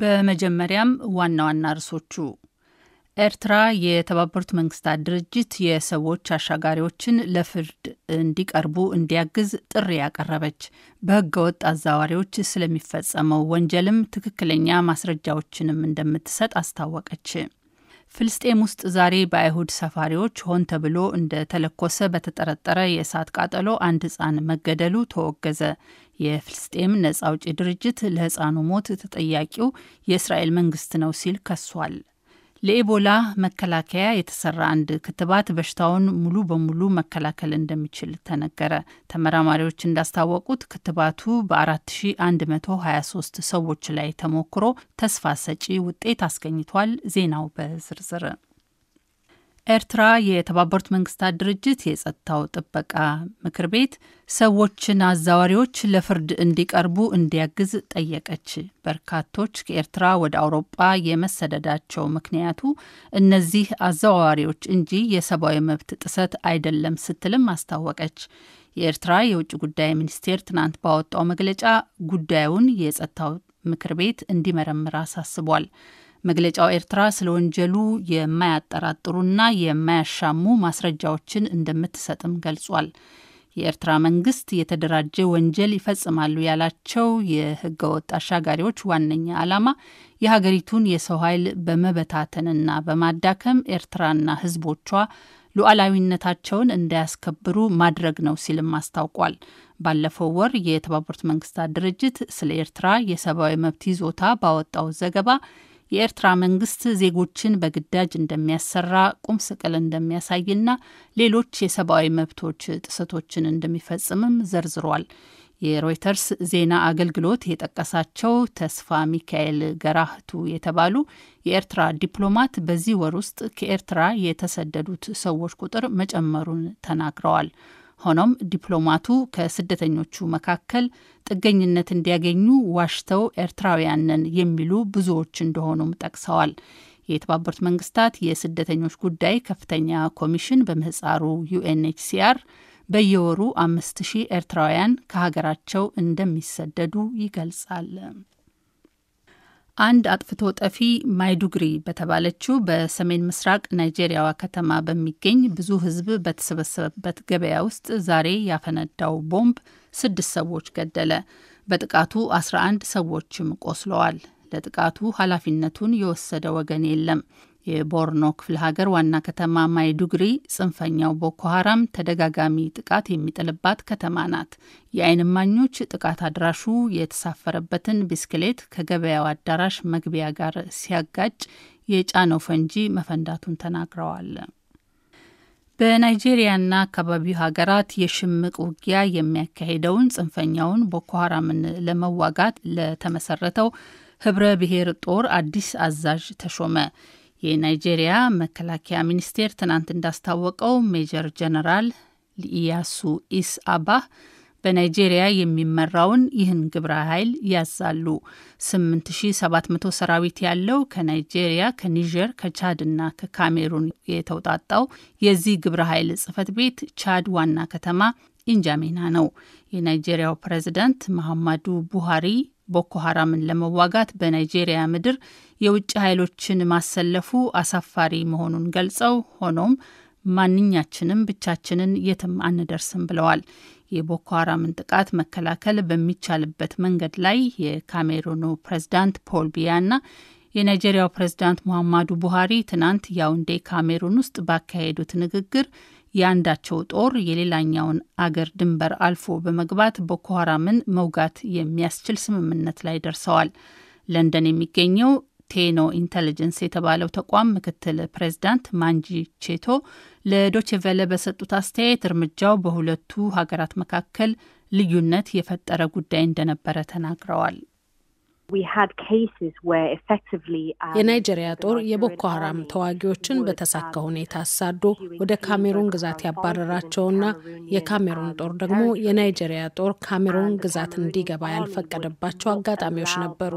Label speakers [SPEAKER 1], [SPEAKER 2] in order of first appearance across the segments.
[SPEAKER 1] በመጀመሪያም ዋና ዋና ርሶቹ ኤርትራ የተባበሩት መንግስታት ድርጅት የሰዎች አሻጋሪዎችን ለፍርድ እንዲቀርቡ እንዲያግዝ ጥሪ ያቀረበች፣ በህገወጥ አዛዋሪዎች ስለሚፈጸመው ወንጀልም ትክክለኛ ማስረጃዎችንም እንደምትሰጥ አስታወቀች። ፍልስጤም ውስጥ ዛሬ በአይሁድ ሰፋሪዎች ሆን ተብሎ እንደተለኮሰ በተጠረጠረ የእሳት ቃጠሎ አንድ ህፃን መገደሉ ተወገዘ። የፍልስጤም ነጻ አውጪ ድርጅት ለህፃኑ ሞት ተጠያቂው የእስራኤል መንግስት ነው ሲል ከሷል። ለኢቦላ መከላከያ የተሰራ አንድ ክትባት በሽታውን ሙሉ በሙሉ መከላከል እንደሚችል ተነገረ። ተመራማሪዎች እንዳስታወቁት ክትባቱ በ4123 ሰዎች ላይ ተሞክሮ ተስፋ ሰጪ ውጤት አስገኝቷል። ዜናው በዝርዝር ኤርትራ የተባበሩት መንግስታት ድርጅት የጸጥታው ጥበቃ ምክር ቤት ሰዎችን አዛዋሪዎች ለፍርድ እንዲቀርቡ እንዲያግዝ ጠየቀች። በርካቶች ከኤርትራ ወደ አውሮጳ የመሰደዳቸው ምክንያቱ እነዚህ አዘዋዋሪዎች እንጂ የሰብአዊ መብት ጥሰት አይደለም ስትልም አስታወቀች። የኤርትራ የውጭ ጉዳይ ሚኒስቴር ትናንት ባወጣው መግለጫ ጉዳዩን የጸጥታው ምክር ቤት እንዲመረምር አሳስቧል። መግለጫው ኤርትራ ስለ ወንጀሉ የማያጠራጥሩና የማያሻሙ ማስረጃዎችን እንደምትሰጥም ገልጿል። የኤርትራ መንግስት የተደራጀ ወንጀል ይፈጽማሉ ያላቸው የህገወጥ አሻጋሪዎች ዋነኛ ዓላማ የሀገሪቱን የሰው ኃይል በመበታተንና በማዳከም ኤርትራና ህዝቦቿ ሉዓላዊነታቸውን እንዳያስከብሩ ማድረግ ነው ሲልም አስታውቋል። ባለፈው ወር የተባበሩት መንግስታት ድርጅት ስለ ኤርትራ የሰብአዊ መብት ይዞታ ባወጣው ዘገባ የኤርትራ መንግስት ዜጎችን በግዳጅ እንደሚያሰራ፣ ቁም ስቅል እንደሚያሳይና ሌሎች የሰብአዊ መብቶች ጥሰቶችን እንደሚፈጽምም ዘርዝሯል። የሮይተርስ ዜና አገልግሎት የጠቀሳቸው ተስፋ ሚካኤል ገራህቱ የተባሉ የኤርትራ ዲፕሎማት በዚህ ወር ውስጥ ከኤርትራ የተሰደዱት ሰዎች ቁጥር መጨመሩን ተናግረዋል። ሆኖም ዲፕሎማቱ ከስደተኞቹ መካከል ጥገኝነት እንዲያገኙ ዋሽተው ኤርትራውያንን የሚሉ ብዙዎች እንደሆኑም ጠቅሰዋል። የተባበሩት መንግስታት የስደተኞች ጉዳይ ከፍተኛ ኮሚሽን በምህፃሩ ዩኤንኤችሲአር በየወሩ አምስት ሺህ ኤርትራውያን ከሀገራቸው እንደሚሰደዱ ይገልጻል። አንድ አጥፍቶ ጠፊ ማይዱግሪ በተባለችው በሰሜን ምስራቅ ናይጄሪያዋ ከተማ በሚገኝ ብዙ ሕዝብ በተሰበሰበበት ገበያ ውስጥ ዛሬ ያፈነዳው ቦምብ ስድስት ሰዎች ገደለ። በጥቃቱ 11 ሰዎችም ቆስለዋል። ለጥቃቱ ኃላፊነቱን የወሰደ ወገን የለም። የቦርኖ ክፍለ ሀገር ዋና ከተማ ማይዱግሪ ጽንፈኛው ቦኮ ሀራም ተደጋጋሚ ጥቃት የሚጥልባት ከተማ ናት። የአይንማኞች እማኞች ጥቃት አድራሹ የተሳፈረበትን ብስክሌት ከገበያው አዳራሽ መግቢያ ጋር ሲያጋጭ የጫነው ፈንጂ መፈንዳቱን ተናግረዋል። በናይጄሪያና አካባቢው ሀገራት የሽምቅ ውጊያ የሚያካሂደውን ጽንፈኛውን ቦኮ ሀራምን ለመዋጋት ለተመሰረተው ህብረ ብሔር ጦር አዲስ አዛዥ ተሾመ። የናይጄሪያ መከላከያ ሚኒስቴር ትናንት እንዳስታወቀው ሜጀር ጀነራል ኢያሱ ኢስ አባ በናይጄሪያ የሚመራውን ይህን ግብረ ኃይል ያዛሉ። 8700 ሰራዊት ያለው ከናይጄሪያ፣ ከኒጀር፣ ከቻድ እና ከካሜሩን የተውጣጣው የዚህ ግብረ ኃይል ጽህፈት ቤት ቻድ ዋና ከተማ ኢንጃሜና ነው። የናይጄሪያው ፕሬዝዳንት መሐማዱ ቡሃሪ ቦኮ ሀራምን ለመዋጋት በናይጄሪያ ምድር የውጭ ኃይሎችን ማሰለፉ አሳፋሪ መሆኑን ገልጸው ሆኖም ማንኛችንም ብቻችንን የትም አንደርስም ብለዋል። የቦኮ ሀራምን ጥቃት መከላከል በሚቻልበት መንገድ ላይ የካሜሩኑ ፕሬዝዳንት ፖል ቢያ እና የናይጄሪያው ፕሬዝዳንት ሙሐማዱ ቡሃሪ ትናንት ያውንዴ ካሜሩን ውስጥ ባካሄዱት ንግግር የአንዳቸው ጦር የሌላኛውን አገር ድንበር አልፎ በመግባት ቦኮ ሀራምን መውጋት የሚያስችል ስምምነት ላይ ደርሰዋል። ለንደን የሚገኘው ቴኖ ኢንቴሊጀንስ የተባለው ተቋም ምክትል ፕሬዚዳንት ማንጂ ቼቶ ለዶችቬለ በሰጡት አስተያየት እርምጃው በሁለቱ ሀገራት መካከል ልዩነት የፈጠረ ጉዳይ እንደነበረ ተናግረዋል። Um, የናይጄሪያ ጦር የቦኮ ሀራም ተዋጊዎችን በተሳካ um, ሁኔታ አሳዶ ወደ ካሜሩን ግዛት ያባረራቸውና የካሜሩን um, ጦር ደግሞ የናይጄሪያ ጦር ካሜሩን ግዛት እንዲገባ ያልፈቀደባቸው አጋጣሚዎች ነበሩ።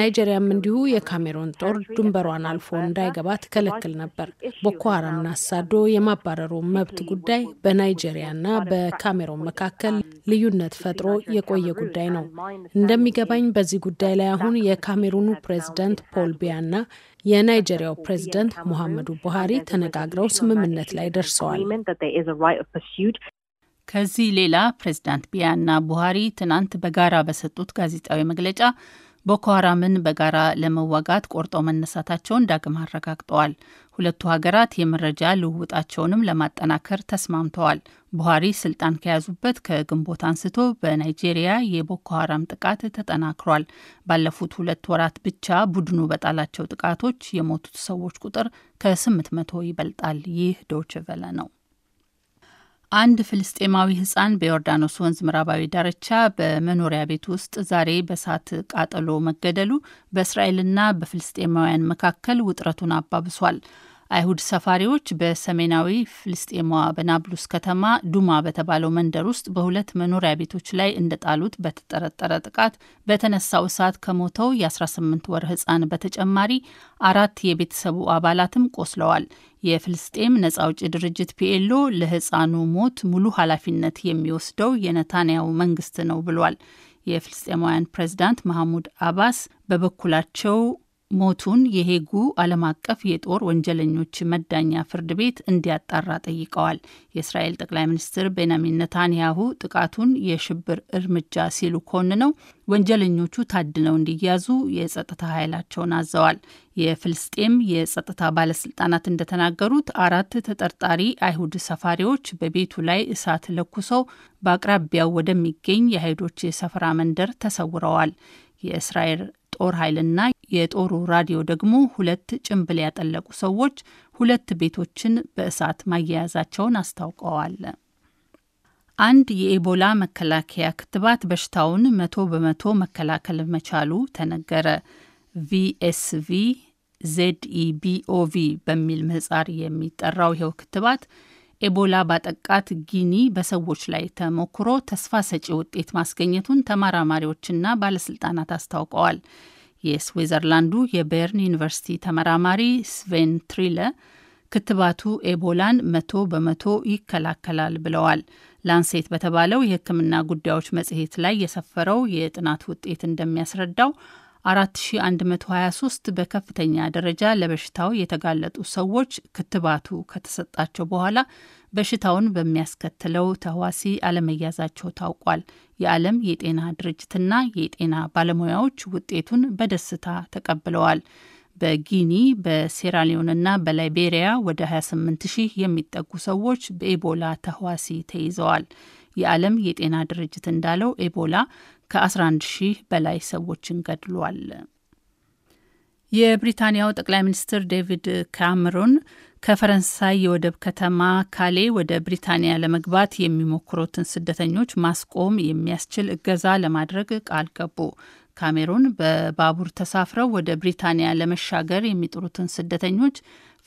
[SPEAKER 1] ናይጄሪያም እንዲሁ የካሜሩን ጦር ድንበሯን አልፎ እንዳይገባ ትከለክል ነበር። ቦኮ ሀራምን አሳዶ የማባረሩ መብት ጉዳይ በናይጄሪያና በካሜሩን መካከል ልዩነት ፈጥሮ የቆየ ጉዳይ ነው። እንደሚገባኝ በዚህ ጉዳይ ላይ አሁን የካሜሩኑ ፕሬዝደንት ፖል ቢያ እና የናይጄሪያው ፕሬዝደንት ሙሐመዱ ቡሃሪ ተነጋግረው ስምምነት ላይ ደርሰዋል። ከዚህ ሌላ ፕሬዝዳንት ቢያና ቡሃሪ ትናንት በጋራ በሰጡት ጋዜጣዊ መግለጫ ቦኮ ሀራምን በጋራ ለመዋጋት ቆርጠው መነሳታቸውን ዳግም አረጋግጠዋል። ሁለቱ ሀገራት የመረጃ ልውውጣቸውንም ለማጠናከር ተስማምተዋል። ቡሃሪ ስልጣን ከያዙበት ከግንቦት አንስቶ በናይጄሪያ የቦኮ ሀራም ጥቃት ተጠናክሯል። ባለፉት ሁለት ወራት ብቻ ቡድኑ በጣላቸው ጥቃቶች የሞቱት ሰዎች ቁጥር ከ800 ይበልጣል። ይህ ዶችቨለ ነው። አንድ ፍልስጤማዊ ህጻን በዮርዳኖስ ወንዝ ምዕራባዊ ዳርቻ በመኖሪያ ቤት ውስጥ ዛሬ በእሳት ቃጠሎ መገደሉ በእስራኤልና በፍልስጤማውያን መካከል ውጥረቱን አባብሷል። አይሁድ ሰፋሪዎች በሰሜናዊ ፍልስጤሟ በናብሉስ ከተማ ዱማ በተባለው መንደር ውስጥ በሁለት መኖሪያ ቤቶች ላይ እንደጣሉት በተጠረጠረ ጥቃት በተነሳው እሳት ከሞተው የ18 ወር ህፃን በተጨማሪ አራት የቤተሰቡ አባላትም ቆስለዋል። የፍልስጤም ነጻ አውጪ ድርጅት ፒኤሎ ለህፃኑ ሞት ሙሉ ኃላፊነት የሚወስደው የነታንያው መንግስት ነው ብሏል። የፍልስጤማውያን ፕሬዝዳንት መሐሙድ አባስ በበኩላቸው ሞቱን የሄጉ ዓለም አቀፍ የጦር ወንጀለኞች መዳኛ ፍርድ ቤት እንዲያጣራ ጠይቀዋል። የእስራኤል ጠቅላይ ሚኒስትር ቤንያሚን ነታንያሁ ጥቃቱን የሽብር እርምጃ ሲሉ ኮንነው ወንጀለኞቹ ታድነው እንዲያዙ የጸጥታ ኃይላቸውን አዘዋል። የፍልስጤም የጸጥታ ባለስልጣናት እንደተናገሩት አራት ተጠርጣሪ አይሁድ ሰፋሪዎች በቤቱ ላይ እሳት ለኩሰው በአቅራቢያው ወደሚገኝ የአይሁዶች የሰፈራ መንደር ተሰውረዋል። የእስራኤል ጦር ኃይልና የጦሩ ራዲዮ ደግሞ ሁለት ጭንብል ያጠለቁ ሰዎች ሁለት ቤቶችን በእሳት ማያያዛቸውን አስታውቀዋል። አንድ የኢቦላ መከላከያ ክትባት በሽታውን መቶ በመቶ መከላከል መቻሉ ተነገረ። ቪኤስቪ ዜድኢቢኦቪ በሚል ምህጻር የሚጠራው ይኸው ክትባት ኤቦላ ባጠቃት ጊኒ በሰዎች ላይ ተሞክሮ ተስፋ ሰጪ ውጤት ማስገኘቱን ተመራማሪዎችና ባለስልጣናት አስታውቀዋል። የስዊዘርላንዱ የቤርን ዩኒቨርሲቲ ተመራማሪ ስቬን ትሪለ ክትባቱ ኤቦላን መቶ በመቶ ይከላከላል ብለዋል። ላንሴት በተባለው የሕክምና ጉዳዮች መጽሔት ላይ የሰፈረው የጥናት ውጤት እንደሚያስረዳው 4123 በከፍተኛ ደረጃ ለበሽታው የተጋለጡ ሰዎች ክትባቱ ከተሰጣቸው በኋላ በሽታውን በሚያስከትለው ተህዋሲ አለመያዛቸው ታውቋል። የዓለም የጤና ድርጅትና የጤና ባለሙያዎች ውጤቱን በደስታ ተቀብለዋል። በጊኒ በሴራሊዮንና በላይቤሪያ ወደ 28 ሺህ የሚጠጉ ሰዎች በኢቦላ ተህዋሲ ተይዘዋል። የዓለም የጤና ድርጅት እንዳለው ኤቦላ ከ11 ሺህ በላይ ሰዎችን ገድሏል። የብሪታንያው ጠቅላይ ሚኒስትር ዴቪድ ካምሮን ከፈረንሳይ የወደብ ከተማ ካሌ ወደ ብሪታንያ ለመግባት የሚሞክሩትን ስደተኞች ማስቆም የሚያስችል እገዛ ለማድረግ ቃል ገቡ። ካሜሩን በባቡር ተሳፍረው ወደ ብሪታንያ ለመሻገር የሚጥሩትን ስደተኞች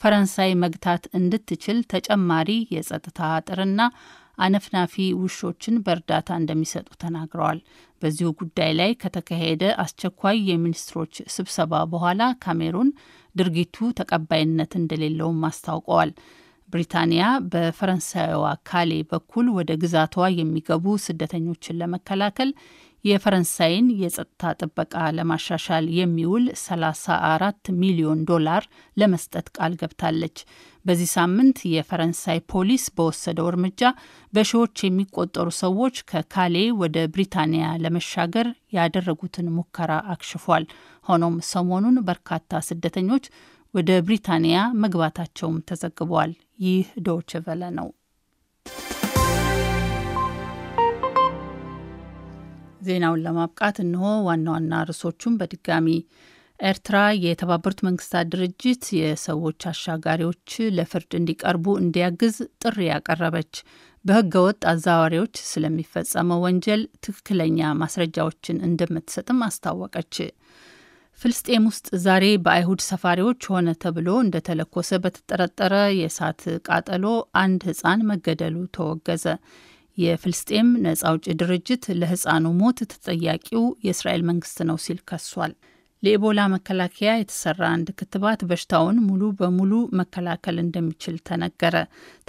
[SPEAKER 1] ፈረንሳይ መግታት እንድትችል ተጨማሪ የጸጥታ አጥርና አነፍናፊ ውሾችን በእርዳታ እንደሚሰጡ ተናግረዋል። በዚሁ ጉዳይ ላይ ከተካሄደ አስቸኳይ የሚኒስትሮች ስብሰባ በኋላ ካሜሩን ድርጊቱ ተቀባይነት እንደሌለውም አስታውቀዋል። ብሪታንያ በፈረንሳይዋ ካሌ በኩል ወደ ግዛቷ የሚገቡ ስደተኞችን ለመከላከል የፈረንሳይን የጸጥታ ጥበቃ ለማሻሻል የሚውል 34 ሚሊዮን ዶላር ለመስጠት ቃል ገብታለች። በዚህ ሳምንት የፈረንሳይ ፖሊስ በወሰደው እርምጃ በሺዎች የሚቆጠሩ ሰዎች ከካሌ ወደ ብሪታንያ ለመሻገር ያደረጉትን ሙከራ አክሽፏል። ሆኖም ሰሞኑን በርካታ ስደተኞች ወደ ብሪታንያ መግባታቸውም ተዘግበዋል። ይህ ዶች ቨለ ነው። ዜናውን ለማብቃት እንሆ ዋና ዋና ርዕሶቹም በድጋሚ ኤርትራ የተባበሩት መንግስታት ድርጅት የሰዎች አሻጋሪዎች ለፍርድ እንዲቀርቡ እንዲያግዝ ጥሪ ያቀረበች በህገወጥ አዛዋሪዎች ስለሚፈጸመው ወንጀል ትክክለኛ ማስረጃዎችን እንደምትሰጥም አስታወቀች። ፍልስጤም ውስጥ ዛሬ በአይሁድ ሰፋሪዎች ሆነ ተብሎ እንደተለኮሰ በተጠረጠረ የእሳት ቃጠሎ አንድ ህፃን መገደሉ ተወገዘ። የፍልስጤም ነጻ አውጪ ድርጅት ለህፃኑ ሞት ተጠያቂው የእስራኤል መንግስት ነው ሲል ከሷል። ለኢቦላ መከላከያ የተሰራ አንድ ክትባት በሽታውን ሙሉ በሙሉ መከላከል እንደሚችል ተነገረ።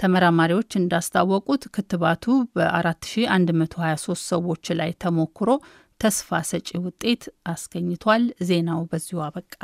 [SPEAKER 1] ተመራማሪዎች እንዳስታወቁት ክትባቱ በ4123 ሰዎች ላይ ተሞክሮ ተስፋ ሰጪ ውጤት አስገኝቷል። ዜናው በዚሁ አበቃ።